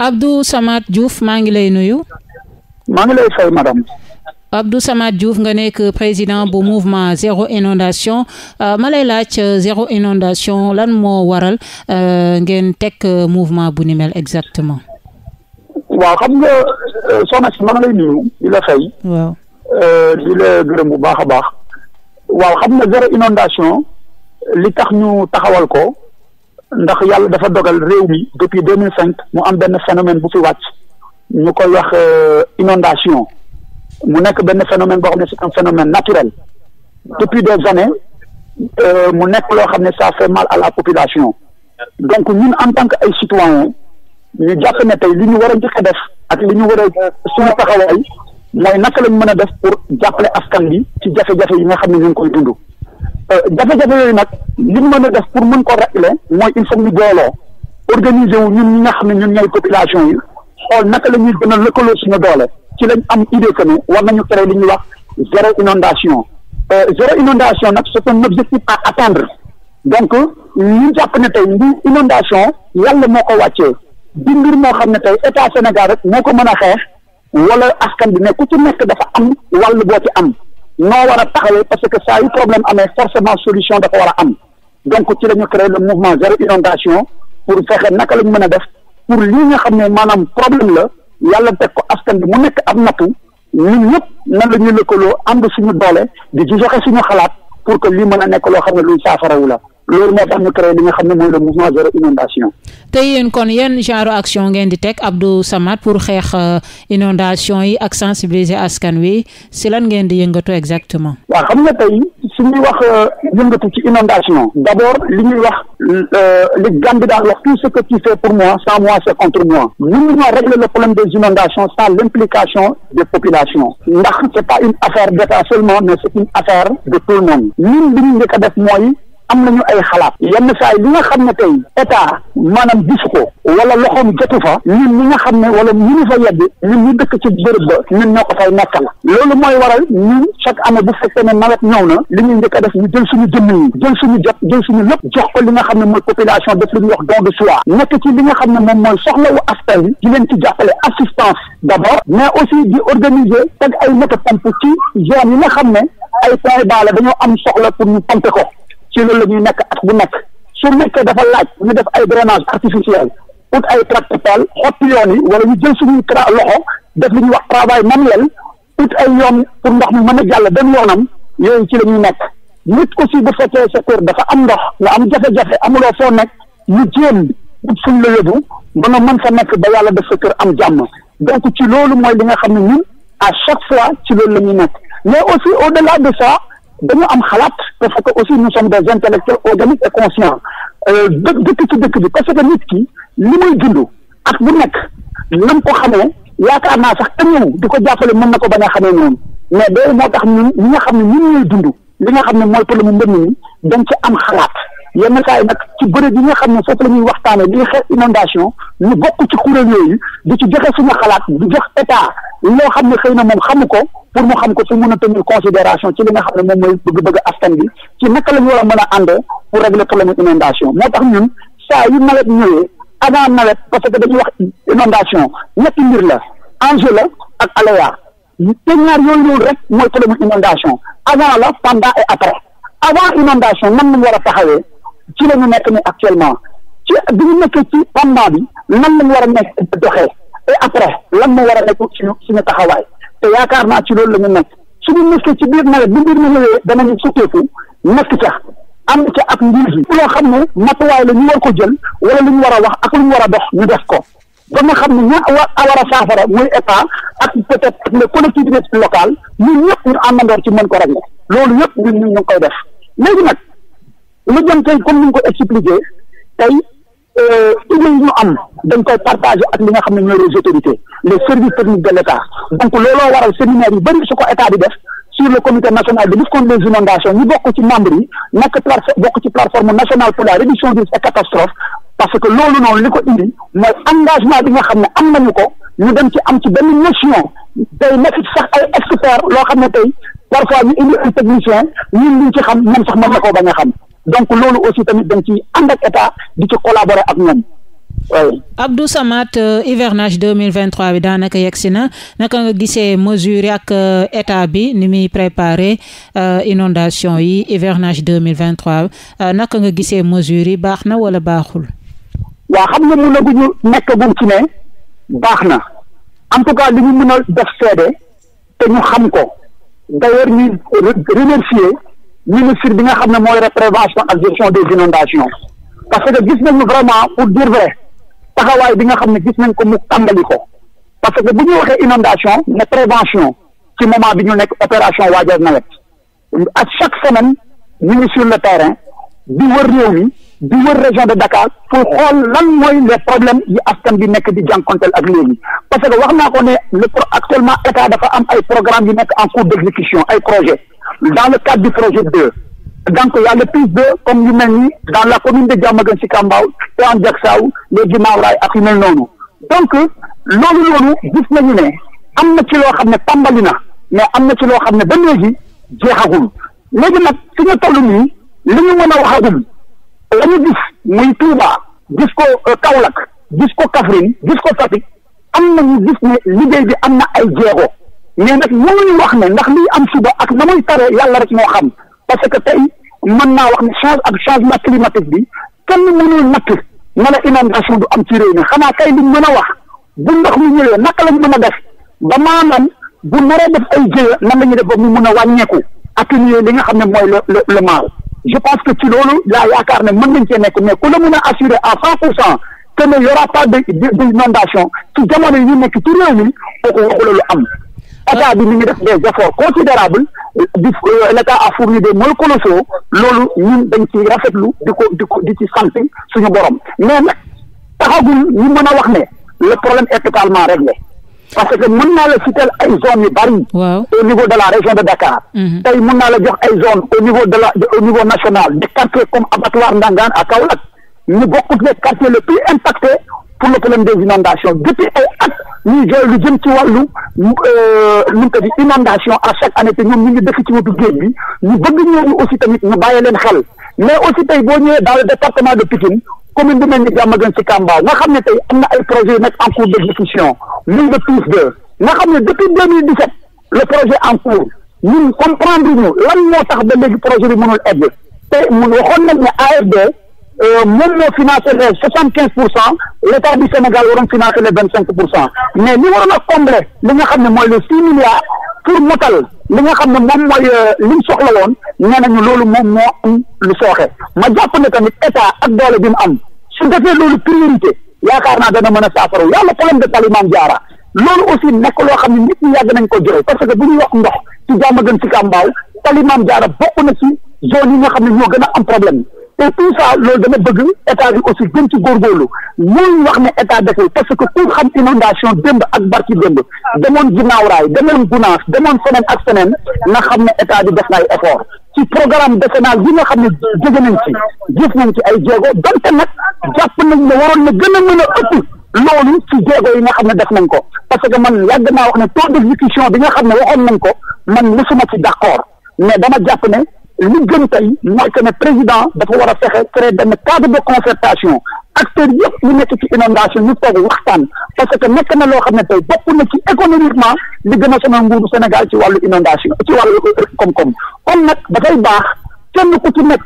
Abdou Samad Diouf maa ngi lay nuyu. maa ngi lay fay madame. Abdou Samad juuf nga nekk président bu mouvement zéro inondation euh, ma lay laaj euh, zéro inondation lan moo waral euh, ngeen teg mouvement bu ni mel exactement. waaw xam nga soxna si maa ngi lay nuyu di la di la gërëm bu baax a baax. waaw xam na zéro inondation li tax ñu taxawal ko. ndax yàlla dafa dogal réew mi depuis deux mille cinq mu am benn phénomène bu fi wàcc ñu koy wax euh, inondation mu nekk benn phénomène boo xam ne c'est un phénomène naturel depuis des années euh, mu nekk loo xam ne ça fait mal à la population donc ñun en tant que ay citoyen ñu jàpp ne tey li ñu war a njëkk def ak li ñu war a suñu taxawaay mooy naka lañ mën a def pour jàppale askan bi ci jafe-jafe yi nga xam ne ñu ngi koy dund Euh, jafe-jafe yooyu nag li mën a def pour mën ko régler mooy il faut ñu booloo organiser wu ñun ñi nga xam ne ñun ñooy population yi xool naka la ñuy gën a lëkkaloo suñu doole ci lañ am idée que ne war nañu créer li ñuy wax zéro inondation euh, zéro inondation nag c'est un objectif à atteindre donc ñu jàpp ne tey ndi inondation yàlla moo ko wàccee di mbir moo xam ne tey état Sénégal rek moo ko mën a xeex wala askan bi ne ku ci nekk dafa am wàll boo ci am noo war a taxawee parce que saa yu problème amee forcément solution dafa war a am donc ci la ñu créé le mouvement zéro inondation pour fexe naka la ñu mën a def pour lii nga xam ne maanaam problème la yàlla teg ko askan bi mu nekk ab nattu ñun ñëpp nan la ñuy lëkkaloo ànd ñu doole di joxe ñu xalaat pour que lii mën a nekk loo xam ne luy saafarawu la loolu moo tax ñu créé li nga xam ne mooy le mouvement zéro inondation. te yéen kon yenn genre action ngeen di teg Abdou Samad pour xeex euh, inondation yi ak sensibiliser askan wi si lan ngeen di yëngatu exactement. waaw xam nga tey su ñuy wax euh, yëngatu ci inondation d'abord li ñuy wax euh, li Gambie daan wax tout ce que tu fais pour moi sans moi c'est contre moi mënuñoo régler le problème des inondations sans l'implication des populations ndax c'est pas une affaire d'État seulement mais de tout am nañu ay xalaat yenn saa li nga xam ne tey état maanaam gisu ko wala loxoom jotu fa ñun ñi nga xam ne wala ñu fa yedd ñun ñu dëkk ci bërëb ba ñun ñoo ko fay nekkal loolu mooy waral ñun chaque année bu fekkee ne nawet ñëw na li ñuy njëkk a def ñu jël suñu jëmm yi jël suñu jot jël suñu lépp jox ko li nga xam ne mooy population def lu ñuy wax don de soi nekk ci li nga xam ne moom mooy soxlawu askan bi di leen ci jàppale assistance d'abord mais aussi di organiser ay moto pompe ci zone yi nga xam ne ay point baa dañoo am soxla pour ñu ko ci loolu la ñuy nekk at bu nekk su nekkee dafa laaj ñu def ay drainage artificiel ut ay tractopelle xotti yoon yi wala ñu jël suñuy tra loxo def li ñuy wax travail manuel ut ay yoon pour ndox mi mën a jàll dem yoonam yooyu ci la ñuy nekk nit aussi bu fekkee sa kër dafa am ndox nga am jafe-jafe amuloo foo nekk ñu jéem ut fuñ la yóbbu ma a mën fa nekk ba yàlla def sa kër am jàmm donc ci loolu mooy li nga xam ne ñun à chaque fois ci loolu la ñuy nekk mais aussi de delà de ça dañu am xalaat parce que aussi nous sommes des intellectuels organiques et conscients euh, dë dëkk ci dëkk bi parce que nit ki li muy dund ak bu nekk nam ko xamee yaakaar naa sax ëñëw di ko jàppale mën na ko bañ a xamee noonu mais boobu moo tax ñun ñi nga xam ne ñun ñuy dund li nga xam ne mooy problème mu mbënn mi dañ ci am xalaat yenn saa yi nag ci bëre bi nga xam ne foofu la ñuy waxtaane di xeex inondation ñu bokk ci kuréel yooyu di ci joxe suñu xalaat di jox état loo xam ne xëy na moom xamu ko pour mu xam ko pour mën a tenir considération ci li nga xam ne moom mooy bëgg-bëgg askan bi ci naka la ñu war a mën a àndoo pour régler problème inondation moo tax ñun saa yu nawet ñëwee avant nawet parce que dañuy wax inondation ñetti mbir la enjeu la ak aléa te ñaar yooyu noonu rek mooy problème inondation avant la pendant et après avant inondation nan la ñu war a taxawee ci la ñu nekk ni actuellement ci bi ñu nekkee ci pendant bi nan la ñu war a nekk doxee et après lan moo war a nekk suñu suñu taxawaay te yaakaar naa ci loolu la ñu nekk suñu nekkee ci biir nawet bi mbir mi ñëwee danañu sotteeku nekk ca am ca ak ngir bi loo xam ne matuwaay la ñu war ko jël wala lu ñu war a wax ak lu ñu war a dox ñu def ko ba nga xam ne ña war a war a saafara muy état ak peut-être les collectivités locales ñun ñëpp ñu àndandoor ci mën ko rek loolu yëpp ñu ñu ngi koy def léegi nag lu jëm tey comme ni nga ko expliqué tey idée euh, yi ñu am dañ koy partagé ak li nga xam ne ñooy les autorités les services techniques de l' donc looloo waral séminaire yu bëri su ko état bi def sur le comité national de lutte contre les inondations ñu bokk ci membre yi nekk plateforme bokk ci plateforme nationale pour la réduction des risques et parce que loolu noonu li ko indi mooy engagement bi nga xam ne am nañu ko ñu dem ci am ci benn notion day nekk sax ay experts loo xam ne tey parfois ñu indi ay technicien ñun liñ ci xam man sax mën na koo bañ a xam donc loolu aussi tamit dañ ci ànd ak état di ci collaborer ak ñoom oui. Abdou euh, hivernage deux mille vingt bi daanaka yegsi na naka nga gisee mesure ak euh, état bi ni muy préparer euh, inondation yi hivernage deux mille vingt euh, naka nga gisee mesures yi baax na wala baaxul. waa xam nga mën na ñu nekk bu ci ne baax na en tout cas li ñu mën a def seede te ñu xam ko d'ailleurs ñu remercier ministre bi nga xam ne mooy prévention ak gestion des inondations parce que gis nañu vraiment pour dire vrai taxawaay bi nga xam ne gis nañ ko mu tàmbali ko parce que bu ñu waxee inondation ne prévention ci moment bi ñu nekk opération waajal nawet à chaque semaine ñu ngi sur le terrain di wër réew mi di wër région de Dakar pour xool lan mooy les problèmes yi askan bi nekk di jànkonteel ak léegi parce que wax naa ko ne le actuellement état dafa am ay programmes yu nekk en cours d' exécution ay projet dans le cadre du projet 2 donc y a le plus de comme yu mel ni dans la commune de Diamaguène Sicap Mbao Hann Diacksao léegi Maoraay ak yu mel noonu donc loolu noonu gis nañu ne am na ci loo xam ne tàmbali na mais am na ci loo xam ne ba léegi jeexagul léegi nag fi ñu toll nii li ñu mën a waxagul la ñu gis muy Touba gis ko euh, Kaolack gis ko Kaffrine gis ko Fatick am na ñu gis ne liggéey bi am na ay jeego mais nag mënuñu wax ne ndax liy am suba ak na muy tare la rek moo xam parce que tey mën naa wax ne change ak changement climatique bi kenn mënul natt na la inondation du am ci réew mi xanaa li liñ mën a wax bu ndox mu ñëwee naka lañ mën a def ba maanaam bu naree def ay jéya nan la ñuy ba mu mën a wàññeeku atténuer li nga xam ne mooy le le le mal je pense que ci loolu laa yaakaar ne mën nañ cee nekk mais ku la mën a assurer à cent pour cent que ne y de d'inondation ci yi ñu nekk ci réew mi am état bi mi ngi def des efforts considérables di euh, l'état a fourni de moyens colossaux loolu ñun dañ ci rafetlu di ko di ko di ci sant suñu borom mais nag taxagul ñu mën a wax ne le problème est totalement réglé parce que mën naa la citer ay zones yu bari. au niveau de la région de Dakar. Mhm. tey mën naa la jox ay zones au niveau de la au niveau national des quartiers comme abattoir Ndangaan à Kaolack ñu bokkut les quartiers les plus impactés pour le problème ñuy jooy lu jëm ci wàllu euh, nu ko di inondation à chaque année te ñoom ñu ngi dëkk ci wetu géej bi ñu bëgg ñooñu aussi tamit ñu bàyyi leen xel mais aussi tey boo ñëwee dans le département de Pikine commune bu mel ni Diamaguène Sicap Mbao nga xam ne tey am na ay projets yu nekk en cours d'exécution muy le PIS 2 nga xam ne depuis 2017 le projet en cours ñun comprendre ñu lan moo tax de léegi projet bi mënul egg te mun waxoon nañ ne ARD Euh, moom moo financé les soixante quinze pour cent l' état du Sénégal waroon financé les vingt cinq pour cent mais li waroon a combler li nga xam ne mooy les six milliards pour motal li nga xam ne moom mooy euh, li mu soxla woon nee nañu loolu moom moo lu sooxe ma jàpp ne tamit état ak doole bi mu am su defee loolu priorité yaakaar naa dana mën a saafara yàlla problème de Palimane Diarra loolu aussi nekk loo xam ne nit ñi yàgg nañ ko jooy parce que bu ñuy wax ndox ci jàmm gën ci Kambaaw Palimane Diarra bokk na ci zone nga xam ne ñoo gën a am problème et tout ça loolu dama bëgg état bi aussi gën ci góorgóorlu loolu wax ne état deful parce que ku xam inondation démb ak barki démb demoon ginnaaw raay demoon gunaas demoon feneen ak feneen na xam ne état bi def na ay effort ci programme décennal bi nga xam ne jóge nañ ci jëf nañ ci ay jéego donte nag jàpp nañ na waroon na gën a mën a ëpp loolu ci jéego yi nga xam ne def nañ ko parce que man yàgg naa wax ne taux d'exécution bi nga xam ne waxoon nañ ko man mësuma ci d'accord mais dama jàpp ne li gën tey mooy que ne président dafa war a fexe créer benn cadre de concertation acteurs yëpp lu nekk ci inondation ñu toog waxtaan parce que nekk na loo xam ne tey bokk na ci économiquement li gën a sonal nguuru Sénégal ci wàllu inondation ci wàllu koom-koom kon nag dafay baax kenn ku ci nekk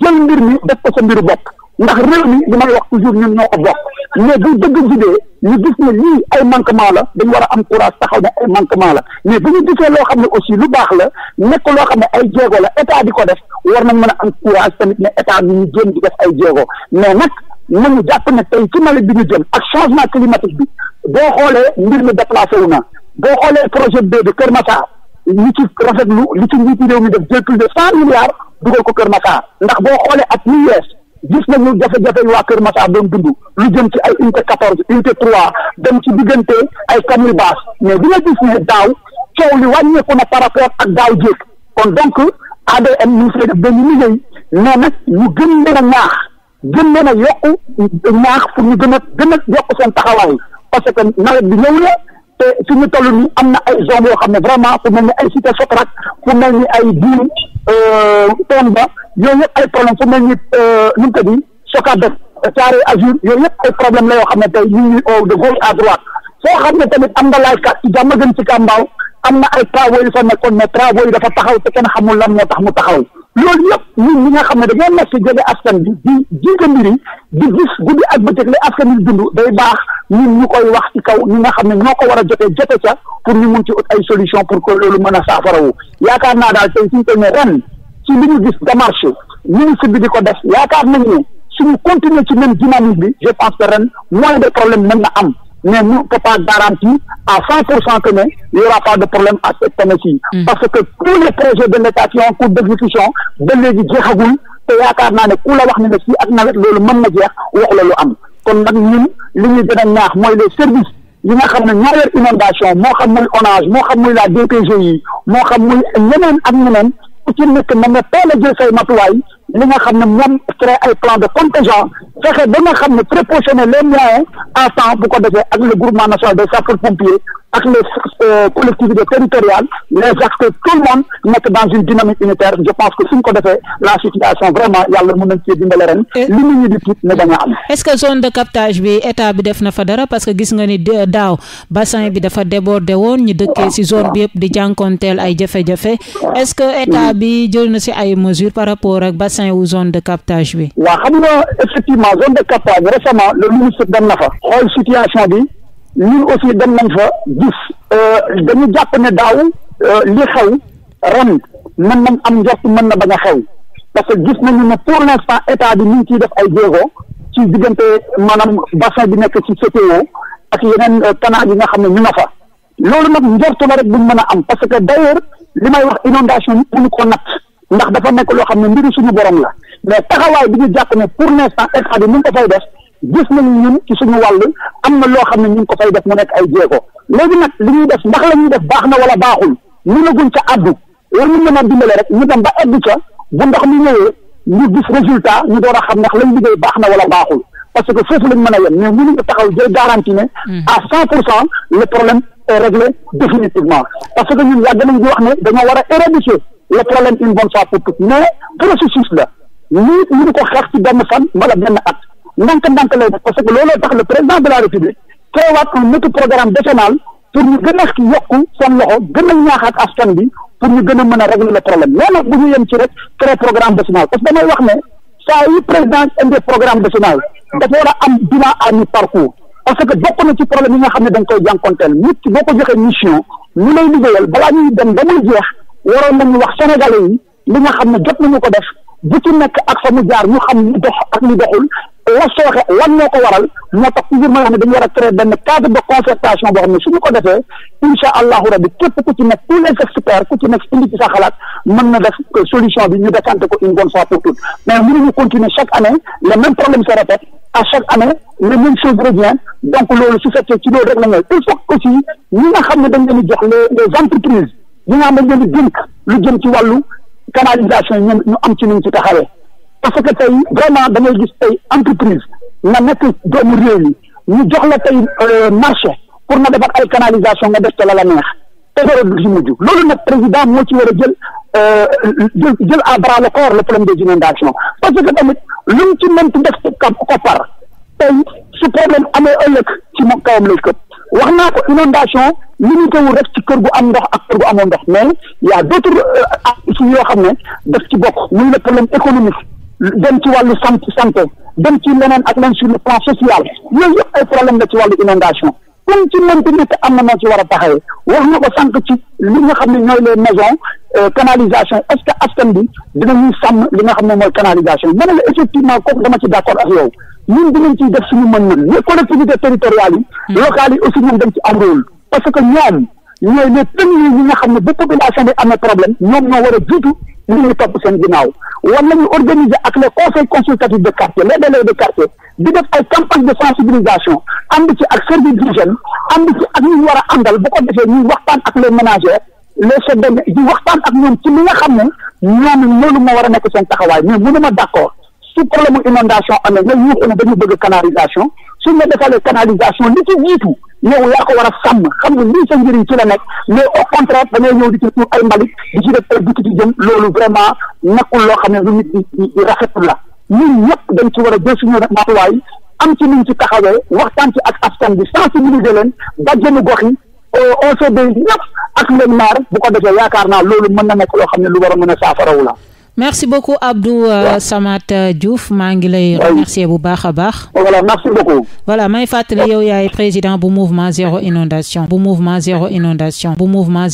jël mbir mi def ko sa mbiru bopp ndax réew mi li may wax toujours ñun ñoo ko bokk mais bu dëgg jubee ñu gis ne lii ay manquement la dañu war a am courage taxaw ne ay manquement la mais bu ñu gisee loo xam ne aussi lu baax la nekk loo xam ne ay jéego la état di ko def war nañ mën a am courage tamit ne état bi ñu jéem di def ay jéego mais nag nañu jàpp ne tey ci nawet bi ñu jëm ak changement climatique bi boo xoolee mbir mi déplacé wu na boo xoolee projet B bi Kër Massar li ci rafetlu li ci njiitu réew mi def jël plus de cent milliards dugal ko Kër Massar ndax boo xoolee ak lu gis nañu jafe-jafe yi waa Kër Massar doon dund lu jëm ci ay unité quatorze unité trois dem ci diggante ay Camille Basse mais bi nga gis ne daaw coow li wàññeeku na par rapport ak daaw jéeg kon donc ADM ñu ngi fay def benn liggéey mais nag ñu gën leen a ñaax gën leen a yokku ñaax pour ñu gën a gën a yokk seen taxawaay parce que nawet bi ñëw na te fi ñu am na ay zone yoo xam ne vraiment fu mel ni ay cité Sotrac fu mel ni ay biir toon ba yooyu yëpp ay problème fu mel ni euh, nu mu tëddee Socadef Carré Azur yooyu yëpp ay problème la yoo xam ne tey ñu ngi au de gauche xam ne tamit am na laajkat ci jàmm gën ci Kambaaw am na ay travaux yu fa nekkoon mais travaux yi dafa taxaw te kenn xamul lan moo tax mu taxaw. loolu yëpp ñun ñi nga xam ne dañoo nekk ne askan bi di jiite mbir yi di gis guddi ak bëccëg li askan wi dund day baax ñun ñu koy wax ci kaw ñi nga xam ne ñoo ko war a jotee jote ca pour ñu mun ci ut ay solution pour que loolu mën a saafarawu yaakaar naa daal tey suñu ko ren ci li ñu gis démarche ministre bi di ko def yaakaar nañ ne suñu continuer ci même dynamique bi je pense que ren moins de problème mën na am mais nous ne peut à 100% que mais, il n'y aura pas de problème à cette année-ci. Mm. Parce que tous les projets de l'État qui sont en cours d'exécution, de léegi jeexagul te yaakaar naa ne ku la wax ne ne fii ak nawet loolu mën na jeex wax l lu am kon nag ñun li ñuy gën a ñaax mooy les services yi nga xam ne ñoo yor inondation moo xam muy ONAS moo xam muy la DPGI moo xam muy ñeneen ak ñeneen ku ci nekk na nga teel a jël say matuwaay li nga xam ne moom créé ay plan de contingent fexe ba nga xam ne prépositionner les moyens à temps bu ko defee ak le groupement national des sapeurs-pompiers ak les euh, collectivités territoriales les acteurs tout le monde nekk dans une dynamique unitaire je pense que suñ ko defee la situation vraiment yàlla mën nañ cee ren. li di tiit ne bañ am. est-ce que zone de captage bi état bi def na fa dara parce que gis nga ni daaw bassin bi dafa débordé woon ñu dëkkee si zone bi yëpp di jànkoonteel ay jafe-jafe que état bi jël na ci ay mesures bassin wu zone de captage bi. waaw xam nga effectivement zone de captage récemment le ministre dem na fa. xool situation bi ñun aussi dem nañ fa gis. Euh, dañu jàpp ne daaw euh, li xew ren mën nañ am njort mën na bañ a xew parce que gis nañu ne pour l'instant état bi ñu ngi def ay jéego ci diggante mana bassin bi nekk ci CTO ak yeneen euh, canal gi nga xam ne ñu na fa. loolu nag njortu la rek buñ a am parce que li may wax inondation yi mënu ko ndax dafa nekk loo xam ne mbiru suñu borom la mais taxawaay bi ñu jàpp ne pour l'instant état bi ko fay def gis nañ ñun ci suñu wàll am na loo xam ne ñu ngi ko fay def mu nekk ay jéego léegi nag li ñuy def ndax la ñuy def baax na wala baaxul mënaguñ ca àddu war ñu mën a dimbale rek ñu dem ba egg ca bu ndox mi ñëwee ñu gis résultat ñu door a xam ndax lañ liggéey baax na wala baaxul parce que foofu lañ man a yem mais mënuñu taxaw jël garantie ne hmm. à cent parce que ñun yàgg nañ di wax ne dañoo war le problème une bonne fois pour toutes mais processus la lii mënu ko xeex ci benn fan wala benn at ndànk-ndànk lay def parce que looloo tax le président de la république prévoit un autre programme décennal pour ñu gën a yokku seen loxo gën a ñaaxaat askan bi pour ñu gën a mën a régler le problème mais nag bu ñu yem ci rek créer programme décennal parce que damay wax ne saa yu président indi programme décennal dafa war a am bilan à mi-parcours parce que bokk na ci problème yi nga xam ne dañ koy jànkonteel nit ki boo ko joxee mission ñu lay liggéeyal balaa ñuy dem ba muy jeex waroon nañu wax sénégalais yi li nga xam ne jot nañu ko def bu ci nekk ak fa mu jaar ñu xam li dox ak li doxul la sooxe lan moo ko waral moo tax toujours ma wax ne dañu war a créer benn cadre de concertation boo xam ne suñu ko defee incha allahu rabi képp ku ci nekk tous les experts ku ci nekk indi ci sa xalaat mën na def solution bi ñu décanté ko une bonne fois pour toutes mais mënuñu continuer chaque année le même problème se répète à chaque année le même chose revient donc loolu su fekkee ci loolu rek la ñooy il faut aussi ñi nga xam ne dañ leen di jox les les entreprises ñi nga xam ne dañ leen jëm ci wàllu canalisation yi ñoom ñu am ci nuñ ci taxawee parce que tey vraiment da ngay gis tey entreprise nga nekk doomu réew yi ñu jox la tey euh, marché pour nga defar ay canalisation nga def te la la neex te dara du ci mujj loolu nag président moo ci war a jël euh, jël jël à bras le corps le problème des inondations parce que tamit lu mu ci mënti def ko koppar tey su problème amee ëllëg ci moom kawam lay këpp wax naa ko inondation limité wu rek ci kër gu am ndox ak kër gu amoon ndox mais y a d'autres euh, actifs yoo xam ne daf ci bokk muy la problème économique dem ci wàllu sant santé dem ci leneen ak leen sur le plan social yooyu yëpp ay problème la ci wàllu inondation comme ci mënti nekk am na noo ci war a taxawee wax na ko sànq ci li nga xam ne ñooy les maisons euh, canalisation est-ce que askan bi dinañuy sàmm li nga xam ne mooy canalisation ma ne la effectivement kooku dama ci d'accord ak yow ñun dinañ ciy def suñu mën-mën les collectivités territoriales yi. Hmm. locales yi aussi ñoom ci am rôle. parce que ñoom ñooy les premiers ñi nga xam ne bu population bi amee problème ñoom ñoo war a jiitu ñu ngi topp seen ginnaaw war nañu organiser ak les conseils consultatifs de quartier les délégués de quartier di def ay campagne de sensibilisation ànd ci ak service d'hygiène ci ak ñu war a àndal bu ko defee ñuy waxtaan ak les ménagères de di waxtaan ak ñoom ci li nga xam ne ñoom loolu moo war nekk seen taxawaay mais mënuma d'accord. su problème inondation amee nga yuuxu ne dañu bëgg canalisation suñ la defalee canalisation li ci jiitu yow yaa ko war a sàmm xam ne lii sa njëriñ ci la nekk mais au contraire dañoo ñëw di ci tuur ay mbalit di loolu vraiment nekkul loo xam ne lu nit la ñun ñëpp dañ ci war a jël suñu matuwaay am ci ñu ci taxawee waxtaan ci ak askan bi sensibiliser leen bàjjenu gox yi on se béy ñëpp ak leen maar bu ko defee yaakaar naa loolu mën na nekk loo xam ne lu war a mën a saafarawu la merci beaucoup Abdou euh, Samath euh, Diouf maa ngi lay remercier bu baax a baax. Oh, voilà merci beaucoup. voilà may fàttali yow yaay président bu mouvement zéro inondation bu mouvement zéro inondation bu mouvement.